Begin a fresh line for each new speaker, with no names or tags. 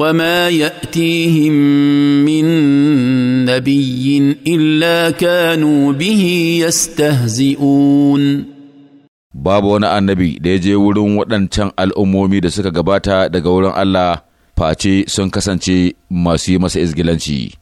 وما ياتيهم من نبي الا كانوا به
يستهزئون babu wani annabi da ya je wurin waɗancan al'ummomi da suka gabata daga wurin Allah face sun kasance masu yi masa izgilanci.